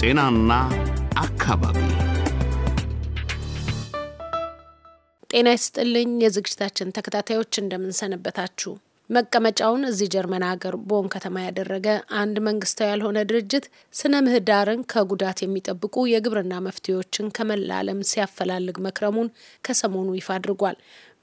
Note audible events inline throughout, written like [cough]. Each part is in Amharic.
ጤናና አካባቢ ጤና ይስጥልኝ የዝግጅታችን ተከታታዮች እንደምንሰነበታችሁ። መቀመጫውን እዚህ ጀርመን ሀገር ቦን ከተማ ያደረገ አንድ መንግስታዊ ያልሆነ ድርጅት ስነ ምህዳርን ከጉዳት የሚጠብቁ የግብርና መፍትሄዎችን ከመላለም ሲያፈላልግ መክረሙን ከሰሞኑ ይፋ አድርጓል።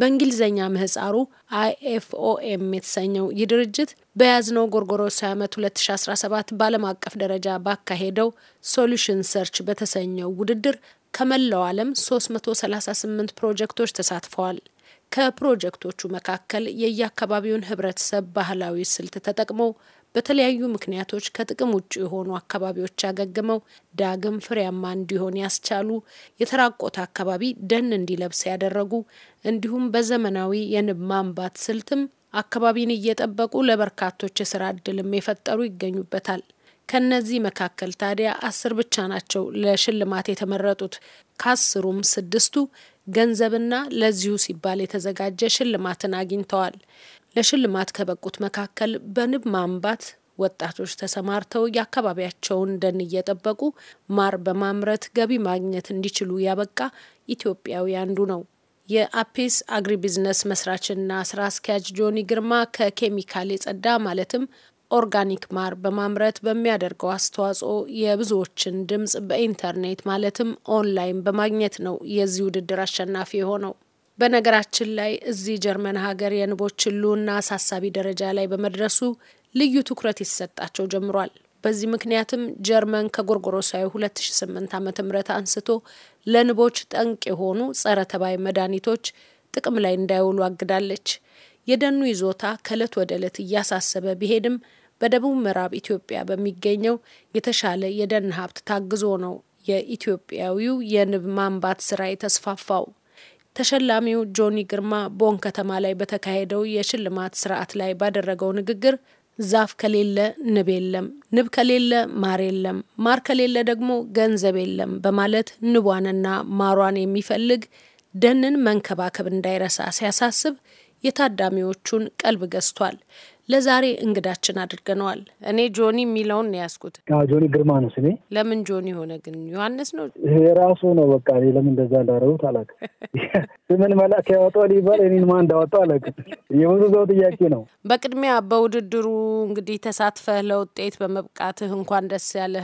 በእንግሊዝኛ ምህፃሩ አይኤፍኦኤም የተሰኘው ይህ ድርጅት በያዝነው ጎርጎሮሳዊ ዓመት 2017 በዓለም አቀፍ ደረጃ ባካሄደው ሶሉሽን ሰርች በተሰኘው ውድድር ከመላው ዓለም 338 ፕሮጀክቶች ተሳትፈዋል። ከፕሮጀክቶቹ መካከል የየአካባቢውን ህብረተሰብ ባህላዊ ስልት ተጠቅመው በተለያዩ ምክንያቶች ከጥቅም ውጭ የሆኑ አካባቢዎች ያገግመው ዳግም ፍሬያማ እንዲሆን ያስቻሉ፣ የተራቆተ አካባቢ ደን እንዲለብስ ያደረጉ እንዲሁም በዘመናዊ የንብ ማንባት ስልትም አካባቢን እየጠበቁ ለበርካቶች የስራ እድልም የፈጠሩ ይገኙበታል። ከነዚህ መካከል ታዲያ አስር ብቻ ናቸው ለሽልማት የተመረጡት። ከአስሩም ስድስቱ ገንዘብና ለዚሁ ሲባል የተዘጋጀ ሽልማትን አግኝተዋል። ለሽልማት ከበቁት መካከል በንብ ማንባት ወጣቶች ተሰማርተው የአካባቢያቸውን ደን እየጠበቁ ማር በማምረት ገቢ ማግኘት እንዲችሉ ያበቃ ኢትዮጵያዊ አንዱ ነው። የአፔስ አግሪ ቢዝነስ መስራችና ስራ አስኪያጅ ጆኒ ግርማ ከኬሚካል የጸዳ ማለትም ኦርጋኒክ ማር በማምረት በሚያደርገው አስተዋጽኦ የብዙዎችን ድምጽ በኢንተርኔት ማለትም ኦንላይን በማግኘት ነው የዚህ ውድድር አሸናፊ የሆነው። በነገራችን ላይ እዚህ ጀርመን ሀገር የንቦች ሕልውና አሳሳቢ ደረጃ ላይ በመድረሱ ልዩ ትኩረት ይሰጣቸው ጀምሯል። በዚህ ምክንያትም ጀርመን ከጎርጎሮሳዊ 2008 ዓ ም አንስቶ ለንቦች ጠንቅ የሆኑ ጸረ ተባይ መድኃኒቶች ጥቅም ላይ እንዳይውሉ አግዳለች። የደኑ ይዞታ ከእለት ወደ እለት እያሳሰበ ቢሄድም በደቡብ ምዕራብ ኢትዮጵያ በሚገኘው የተሻለ የደን ሀብት ታግዞ ነው የኢትዮጵያዊው የንብ ማንባት ስራ የተስፋፋው። ተሸላሚው ጆኒ ግርማ ቦን ከተማ ላይ በተካሄደው የሽልማት ስርዓት ላይ ባደረገው ንግግር ዛፍ ከሌለ ንብ የለም፣ ንብ ከሌለ ማር የለም፣ ማር ከሌለ ደግሞ ገንዘብ የለም በማለት ንቧንና ማሯን የሚፈልግ ደንን መንከባከብ እንዳይረሳ ሲያሳስብ የታዳሚዎቹን ቀልብ ገዝቷል። ለዛሬ እንግዳችን አድርገነዋል። እኔ ጆኒ የሚለውን ያስኩት ጆኒ ግርማ ነው ስሜ። ለምን ጆኒ ሆነ ግን? ዮሐንስ ነው የራሱ ነው። በቃ ለምን እንደዛ እንዳደረጉት አላውቅም። [laughs] ስምን መላክ ያወጣዋል ሊባል እኔን ማን እንዳወጣው አላውቅም። የብዙ ሰው ጥያቄ ነው። በቅድሚያ በውድድሩ እንግዲህ ተሳትፈህ ለውጤት በመብቃትህ እንኳን ደስ ያለ።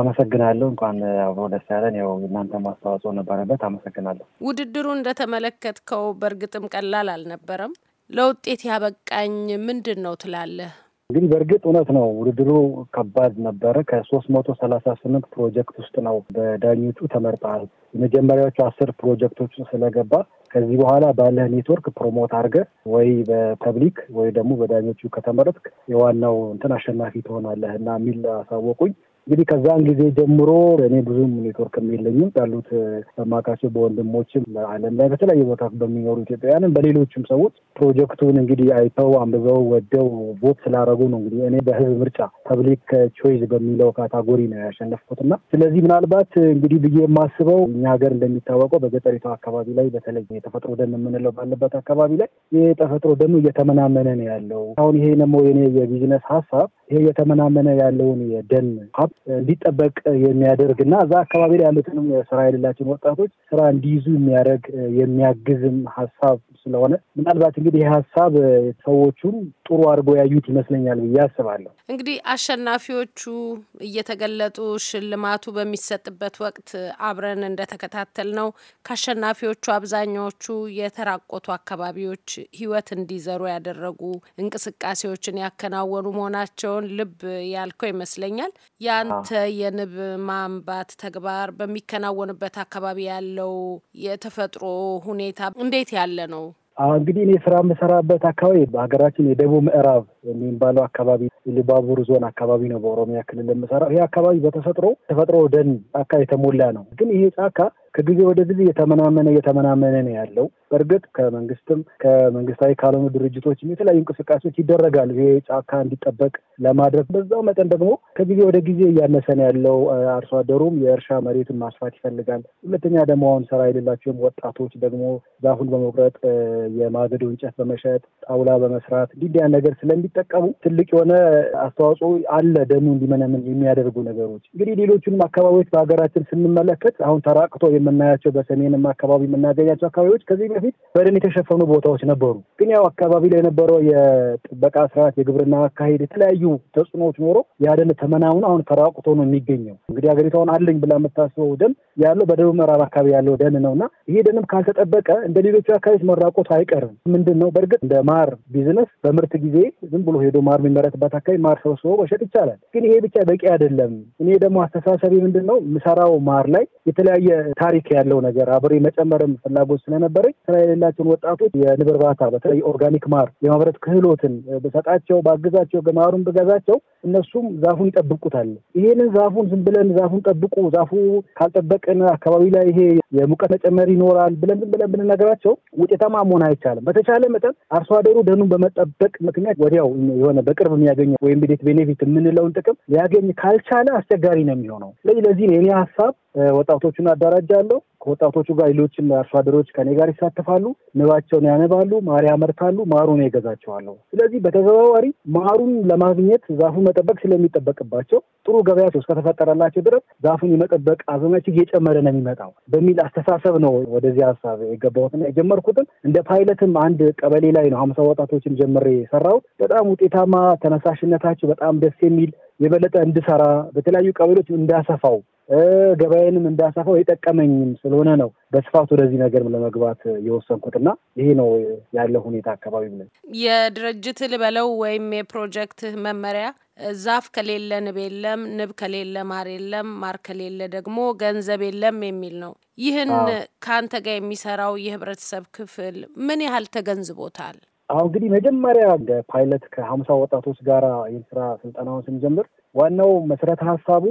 አመሰግናለሁ። እንኳን አብሮ ደስ ያለን። ያው እናንተ አስተዋጽኦ ነበረበት። አመሰግናለሁ። ውድድሩ እንደተመለከትከው በእርግጥም ቀላል አልነበረም። ለውጤት ያበቃኝ ምንድን ነው ትላለህ? እንግዲህ በእርግጥ እውነት ነው ውድድሩ ከባድ ነበረ። ከሶስት መቶ ሰላሳ ስምንት ፕሮጀክት ውስጥ ነው በዳኞቹ ተመርጠሃል። የመጀመሪያዎቹ አስር ፕሮጀክቶች ስለገባ ከዚህ በኋላ ባለህ ኔትወርክ ፕሮሞት አድርገህ ወይ በፐብሊክ ወይ ደግሞ በዳኞቹ ከተመረጥክ የዋናው እንትን አሸናፊ ትሆናለህ እና የሚል አሳወቁኝ። እንግዲህ ከዛን ጊዜ ጀምሮ እኔ ብዙም ኔትወርክም የለኝም ያሉት አማካቸው በወንድሞችም በዓለም ላይ በተለያየ ቦታ በሚኖሩ ኢትዮጵያውያንም በሌሎችም ሰዎች ፕሮጀክቱን እንግዲህ አይተው አንብበው ወደው ቦት ስላደረጉ ነው እንግዲህ እኔ በህዝብ ምርጫ ፐብሊክ ቾይዝ በሚለው ካታጎሪ ነው ያሸነፍኩት እና ስለዚህ ምናልባት እንግዲህ ብዬ የማስበው እኛ ሀገር እንደሚታወቀው በገጠሪቷ አካባቢ ላይ በተለይ የተፈጥሮ ደን የምንለው ባለበት አካባቢ ላይ ይህ ተፈጥሮ ደኑ እየተመናመነ ነው ያለው። አሁን ይሄ ደግሞ የኔ የቢዝነስ ሀሳብ ይሄ እየተመናመነ ያለውን የደን እንዲጠበቅ የሚያደርግ እና እዛ አካባቢ ላይ ያሉትንም ስራ የሌላቸውን ወጣቶች ስራ እንዲይዙ የሚያደርግ የሚያግዝም ሀሳብ ስለሆነ ምናልባት እንግዲህ ይህ ሀሳብ ሰዎቹን ጥሩ አድርጎ ያዩት ይመስለኛል ብዬ አስባለሁ። እንግዲህ አሸናፊዎቹ እየተገለጡ ሽልማቱ በሚሰጥበት ወቅት አብረን እንደተከታተል ነው ከአሸናፊዎቹ አብዛኛዎቹ የተራቆቱ አካባቢዎች ህይወት እንዲዘሩ ያደረጉ እንቅስቃሴዎችን ያከናወኑ መሆናቸውን ልብ ያልከው ይመስለኛል ያ ያንተ የንብ ማንባት ተግባር በሚከናወንበት አካባቢ ያለው የተፈጥሮ ሁኔታ እንዴት ያለ ነው? እንግዲህ እኔ ስራ የምሰራበት አካባቢ በሀገራችን የደቡብ ምዕራብ የሚባለው አካባቢ ሊባቡር ዞን አካባቢ ነው በኦሮሚያ ክልል የምሰራው። ይህ አካባቢ በተፈጥሮ ተፈጥሮ ደን ጫካ የተሞላ ነው። ግን ይሄ ጫካ ከጊዜ ወደ ጊዜ እየተመናመነ እየተመናመነ ነው ያለው። በእርግጥ ከመንግስትም ከመንግስታዊ ካልሆኑ ድርጅቶችም የተለያዩ እንቅስቃሴዎች ይደረጋሉ፣ ይሄ ጫካ እንዲጠበቅ ለማድረግ። በዛው መጠን ደግሞ ከጊዜ ወደ ጊዜ እያነሰ ነው ያለው። አርሶ አደሩም የእርሻ መሬትን ማስፋት ይፈልጋል። ሁለተኛ ደግሞ አሁን ስራ የሌላቸውም ወጣቶች ደግሞ ዛፉን በመቁረጥ የማገዶ እንጨት በመሸጥ ጣውላ በመስራት እንዲዲያ ነገር ስለሚጠቀሙ ትልቅ የሆነ አስተዋጽኦ አለ ደኑ እንዲመነምን የሚያደርጉ ነገሮች። እንግዲህ ሌሎቹንም አካባቢዎች በሀገራችን ስንመለከት አሁን ተራቅቶ የምናያቸው በሰሜንም አካባቢ የምናገኛቸው አካባቢዎች ከዚህ በፊት በደን የተሸፈኑ ቦታዎች ነበሩ። ግን ያው አካባቢ ላይ የነበረው የጥበቃ ስርዓት፣ የግብርና አካሄድ፣ የተለያዩ ተጽዕኖዎች ኖሮ ያደን ተመናምኖ አሁን ተራቁቶ ነው የሚገኘው። እንግዲህ ሀገሪቷን አለኝ ብላ የምታስበው ደን ያለው በደቡብ ምዕራብ አካባቢ ያለው ደን ነው እና ይሄ ደንም ካልተጠበቀ እንደ ሌሎቹ አካባቢዎች መራቆቱ አይቀርም። ምንድን ነው በእርግጥ እንደ ማር ቢዝነስ በምርት ጊዜ ዝም ብሎ ሄዶ ማር የሚመረትበት አካባቢ ማር ሰብስቦ መሸጥ ይቻላል። ግን ይሄ ብቻ በቂ አይደለም። እኔ ደግሞ አስተሳሰቢ ምንድን ነው የምሰራው ማር ላይ የተለያየ ታሪክ ያለው ነገር አብሬ መጨመርም ፍላጎት ስለነበረኝ ስራ የሌላቸውን ወጣቶች የንብ እርባታ በተለይ ኦርጋኒክ ማር የማምረት ክህሎትን በሰጣቸው ባግዛቸው ገማሩን ብገዛቸው እነሱም ዛፉን ይጠብቁታል። ይሄንን ዛፉን ዝም ብለን ዛፉን ጠብቁ ዛፉ ካልጠበቅን አካባቢ ላይ ይሄ የሙቀት መጨመር ይኖራል ብለን ዝም ብለን ብንነግራቸው ውጤታማ መሆን አይቻልም። በተቻለ መጠን አርሶ አደሩ ደኑን በመጠበቅ ምክንያት ወዲያው የሆነ በቅርብ የሚያገኘ ወይም ቤት ቤኔፊት የምንለውን ጥቅም ሊያገኝ ካልቻለ አስቸጋሪ ነው የሚሆነው። ስለዚህ ለዚህ የኔ ሀሳብ ወጣቶቹን አደራጃለሁ። ከወጣቶቹ ጋር ሌሎችም አርሶ አደሮች ከኔ ጋር ይሳተፋሉ። ንባቸውን ያነባሉ፣ ማር ያመርታሉ፣ ማሩን ይገዛቸዋለሁ። ስለዚህ በተዘዋዋሪ ማሩን ለማግኘት ዛፉን መጠበቅ ስለሚጠበቅባቸው ጥሩ ገበያ እስከተፈጠረላቸው ድረስ ዛፉን የመጠበቅ አዘመች እየጨመረ ነው የሚመጣው በሚል አስተሳሰብ ነው ወደዚህ ሀሳብ የገባሁትና የጀመርኩትን እንደ ፓይለትም አንድ ቀበሌ ላይ ነው ሀምሳ ወጣቶችን ጀምሬ የሰራሁት። በጣም ውጤታማ ተነሳሽነታቸው በጣም ደስ የሚል የበለጠ እንድሰራ በተለያዩ ቀበሌዎች እንዳሰፋው ገበያንም እንዳሰፋው የጠቀመኝም ስለሆነ ነው በስፋት ወደዚህ ነገር ለመግባት የወሰንኩትና ይሄ ነው ያለ ሁኔታ አካባቢ ብለ የድርጅት ልበለው ወይም የፕሮጀክት መመሪያ ዛፍ ከሌለ ንብ የለም፣ ንብ ከሌለ ማር የለም፣ ማር ከሌለ ደግሞ ገንዘብ የለም የሚል ነው። ይህን ከአንተ ጋር የሚሰራው የህብረተሰብ ክፍል ምን ያህል ተገንዝቦታል? አሁ እንግዲህ መጀመሪያ እንደ ፓይለት ከሀምሳ ወጣቶች ጋር ይህን ስራ ስልጠናውን ስንጀምር ዋናው መሰረተ ሀሳቡ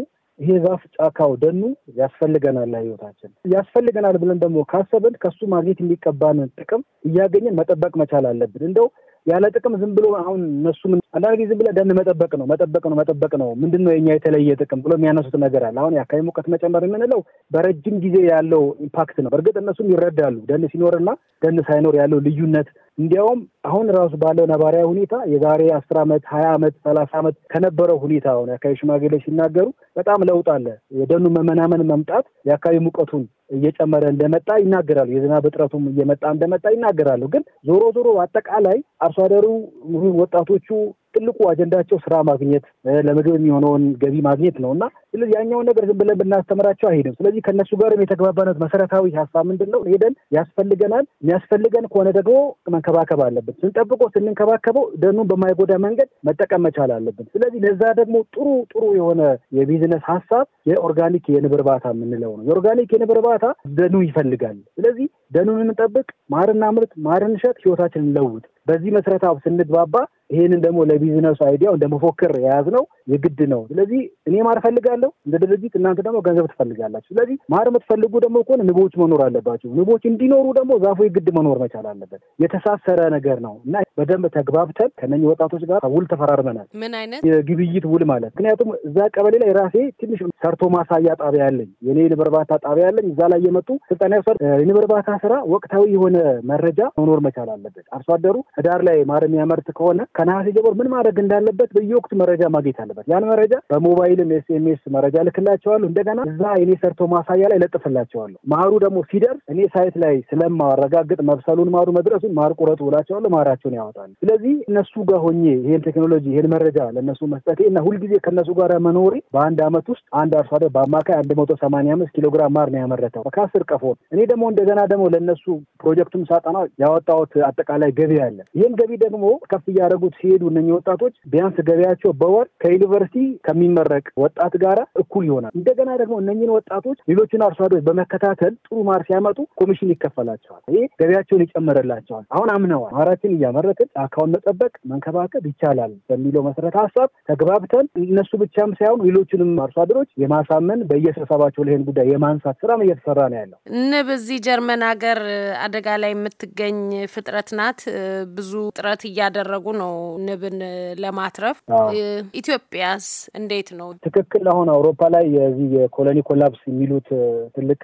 ይሄ ዛፍ ጫካው፣ ደኑ ያስፈልገናል፣ ለህይወታችን ያስፈልገናል ብለን ደግሞ ካሰብን ከሱ ማግኘት የሚቀባንን ጥቅም እያገኘን መጠበቅ መቻል አለብን። እንደው ያለ ጥቅም ዝም ብሎ አሁን እነሱ አንዳንድ ጊዜ ዝም ብለህ ደን መጠበቅ ነው መጠበቅ ነው መጠበቅ ነው ምንድን ነው የኛ የተለየ ጥቅም ብሎ የሚያነሱት ነገር አለ። አሁን የአካባቢ ሙቀት መጨመር የምንለው በረጅም ጊዜ ያለው ኢምፓክት ነው። እርግጥ እነሱም ይረዳሉ፣ ደን ሲኖርና ደን ሳይኖር ያለው ልዩነት እንዲያውም አሁን ራሱ ባለው ነባሪያ ሁኔታ የዛሬ አስር አመት ሀያ ዓመት ሰላሳ ዓመት ከነበረው ሁኔታ አሁን የአካባቢ ሽማግሌ ሲናገሩ በጣም ለውጥ አለ። የደኑ መመናመን መምጣት የአካባቢ ሙቀቱን እየጨመረ እንደመጣ ይናገራሉ። የዝናብ እጥረቱም እየመጣ እንደመጣ ይናገራሉ። ግን ዞሮ ዞሮ አጠቃላይ አርሶ አደሩ፣ ወጣቶቹ ትልቁ አጀንዳቸው ስራ ማግኘት ለምግብ የሚሆነውን ገቢ ማግኘት ነው እና ስለዚህ ያኛውን ነገር ዝም ብለን ብናስተምራቸው አይሄድም። ስለዚህ ከእነሱ ጋርም የተግባባነት መሰረታዊ ሀሳብ ምንድን ነው? ሄደን ያስፈልገናል፣ የሚያስፈልገን ከሆነ ደግሞ መንከባከብ አለብን። ስንጠብቆ ስንንከባከበው ደኑን በማይጎዳ መንገድ መጠቀም መቻል አለብን። ስለዚህ ለዛ ደግሞ ጥሩ ጥሩ የሆነ የቢዝነስ ሀሳብ የኦርጋኒክ የንብ እርባታ የምንለው ነው። የኦርጋኒክ የንብ እርባታ ደኑ ይፈልጋል። ስለዚህ ደኑን እንጠብቅ፣ ማርና ምርት ማርን ሸጥ፣ ህይወታችን እንለውጥ። በዚህ መሰረታዊ ስንግባባ ይህንን ደግሞ ለቢዝነሱ አይዲያው እንደ መፎክር የያዝነው የግድ ነው። ስለዚህ እኔ ማር እፈልጋለሁ እንደ ድርጅት፣ እናንተ ደግሞ ገንዘብ ትፈልጋላችሁ። ስለዚህ ማር የምትፈልጉ ደግሞ ከሆነ ንቦች መኖር አለባቸው። ንቦች እንዲኖሩ ደግሞ ዛፉ የግድ መኖር መቻል አለበት። የተሳሰረ ነገር ነው እና በደንብ ተግባብተን ከነኚህ ወጣቶች ጋር ውል ተፈራርመናል። ምን አይነት የግብይት ውል ማለት ምክንያቱም እዛ ቀበሌ ላይ ራሴ ትንሽ ሰርቶ ማሳያ ጣቢያ ያለኝ የኔ ንብ እርባታ ጣቢያ ያለኝ እዛ ላይ የመጡ ስልጠና ያስ የንብ እርባታ ስራ ወቅታዊ የሆነ መረጃ መኖር መቻል አለበት። አርሶ አደሩ ህዳር ላይ ማር የሚያመርት ከሆነ ከነሐሴ ጀምሮ ምን ማድረግ እንዳለበት በየወቅቱ መረጃ ማግኘት አለበት። ያን መረጃ በሞባይልም ኤስኤምኤስ መረጃ ልክላቸዋለሁ። እንደገና እዛ እኔ ሰርቶ ማሳያ ላይ ለጥፍላቸዋለሁ። ማሩ ደግሞ ሲደርስ እኔ ሳይት ላይ ስለማረጋግጥ መብሰሉን ማሩ መድረሱን ማር ቁረጡ ብላቸዋለሁ። ማራቸውን ያወጣሉ። ስለዚህ እነሱ ጋር ሆኜ ይህን ቴክኖሎጂ ይሄን መረጃ ለእነሱ መስጠቴ እና ሁልጊዜ ከእነሱ ጋር መኖሬ በአንድ ዓመት ውስጥ አንድ አርሶ አደር በአማካይ አንድ መቶ ሰማንያ አምስት ኪሎግራም ማር ነው ያመረተው ከአስር ቀፎ። እኔ ደግሞ እንደገና ደግሞ ለእነሱ ፕሮጀክቱም ሳጠና ያወጣሁት አጠቃላይ ገቢ አለ። ይህን ገቢ ደግሞ ከፍ እያደረጉ እየተማሩት ሲሄዱ እነኚህ ወጣቶች ቢያንስ ገበያቸው በወር ከዩኒቨርሲቲ ከሚመረቅ ወጣት ጋራ እኩል ይሆናል። እንደገና ደግሞ እነኚህን ወጣቶች ሌሎችን አርሶ አደሮች በመከታተል ጥሩ ማር ሲያመጡ ኮሚሽን ይከፈላቸዋል። ይህ ገበያቸውን ይጨምርላቸዋል። አሁን አምነዋል። ማራችን እያመረትን አካውን መጠበቅ መንከባከብ ይቻላል በሚለው መሰረተ ሀሳብ ተግባብተን እነሱ ብቻም ሳይሆን ሌሎችንም አርሶ አደሮች የማሳመን በየስብሰባቸው ላይ ይህን ጉዳይ የማንሳት ስራም እየተሰራ ነው ያለው። ንብ እዚህ ጀርመን ሀገር አደጋ ላይ የምትገኝ ፍጥረት ናት። ብዙ ጥረት እያደረጉ ነው ንብን ለማትረፍ። ኢትዮጵያስ እንዴት ነው? ትክክል። አሁን አውሮፓ ላይ የዚህ የኮሎኒ ኮላፕስ የሚሉት ትልቅ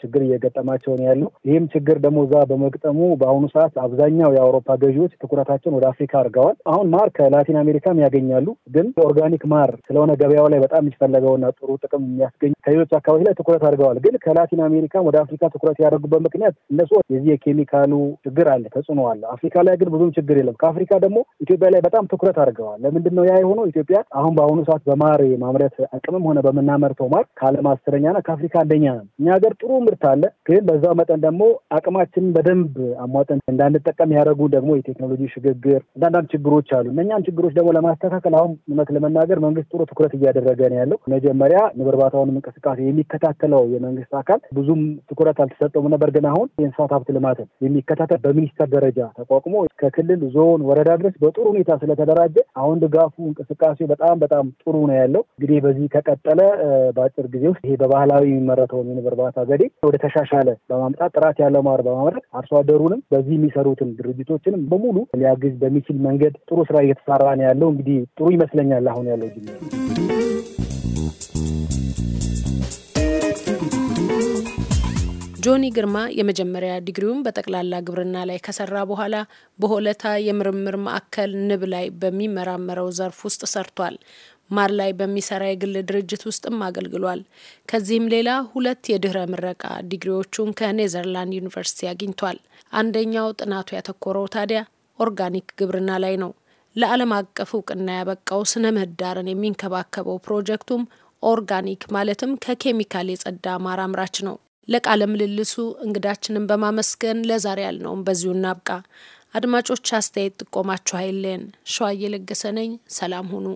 ችግር እየገጠማቸው ነው ያለው። ይህም ችግር ደግሞ እዛ በመግጠሙ በአሁኑ ሰዓት አብዛኛው የአውሮፓ ገዢዎች ትኩረታቸውን ወደ አፍሪካ አድርገዋል። አሁን ማር ከላቲን አሜሪካም ያገኛሉ፣ ግን ኦርጋኒክ ማር ስለሆነ ገበያው ላይ በጣም የሚፈለገውና ጥሩ ጥቅም የሚያስገኝ ከሌሎች አካባቢ ላይ ትኩረት አድርገዋል። ግን ከላቲን አሜሪካም ወደ አፍሪካ ትኩረት ያደርጉበት ምክንያት እነሱ የዚህ የኬሚካሉ ችግር አለ፣ ተጽዕኖ አለ። አፍሪካ ላይ ግን ብዙም ችግር የለም። ከአፍሪካ ደግሞ ኢትዮጵያ ላይ በጣም ትኩረት አድርገዋል። ለምንድን ነው ያ የሆነው? ኢትዮጵያ አሁን በአሁኑ ሰዓት በማር የማምረት አቅምም ሆነ በምናመርተው ማር ከዓለም አስረኛና ከአፍሪካ አንደኛ ነው። እኛ ሀገር ጥሩ ምርት አለ፣ ግን በዛው መጠን ደግሞ አቅማችንን በደንብ አሟጠን እንዳንጠቀም ያደረጉ ደግሞ የቴክኖሎጂ ሽግግር እና አንዳንድ ችግሮች አሉ። እነኛን ችግሮች ደግሞ ለማስተካከል አሁን እውነት ለመናገር መንግስት ጥሩ ትኩረት እያደረገ ነው ያለው። መጀመሪያ ንብ እርባታውንም እንቅስቃሴ የሚከታተለው የመንግስት አካል ብዙም ትኩረት አልተሰጠውም ነበር፣ ግን አሁን የእንስሳት ሀብት ልማትን የሚከታተል በሚኒስቴር ደረጃ ተቋቁሞ ከክልል ዞን፣ ወረዳ ድረስ በጥሩ ሁኔታ ስለተደራጀ አሁን ድጋፉ እንቅስቃሴ በጣም በጣም ጥሩ ነው ያለው። እንግዲህ በዚህ ከቀጠለ በአጭር ጊዜ ውስጥ ይሄ በባህላዊ የሚመረተውን የንብ እርባታ ዘዴ ወደ ተሻሻለ በማምጣት ጥራት ያለው ማር በማምረት አርሶ አደሩንም በዚህ የሚሰሩትን ድርጅቶችንም በሙሉ ሊያግዝ በሚችል መንገድ ጥሩ ስራ እየተሰራ ነው ያለው። እንግዲህ ጥሩ ይመስለኛል አሁን ያለው ጅምር ጆኒ ግርማ የመጀመሪያ ዲግሪውን በጠቅላላ ግብርና ላይ ከሰራ በኋላ በሆለታ የምርምር ማዕከል ንብ ላይ በሚመራመረው ዘርፍ ውስጥ ሰርቷል። ማር ላይ በሚሰራ የግል ድርጅት ውስጥም አገልግሏል። ከዚህም ሌላ ሁለት የድህረ ምረቃ ዲግሪዎቹን ከኔዘርላንድ ዩኒቨርሲቲ አግኝቷል። አንደኛው ጥናቱ ያተኮረው ታዲያ ኦርጋኒክ ግብርና ላይ ነው። ለዓለም አቀፍ እውቅና ያበቃው ስነ ምህዳርን የሚንከባከበው ፕሮጀክቱም ኦርጋኒክ ማለትም ከኬሚካል የጸዳ ማር አምራች ነው። ለቃለ ምልልሱ እንግዳችንን በማመስገን ለዛሬ ያልነውም በዚሁ እናብቃ። አድማጮች አስተያየት ጥቆማችሁ አይለን ሸዋ እየለገሰነኝ ነኝ። ሰላም ሁኑ።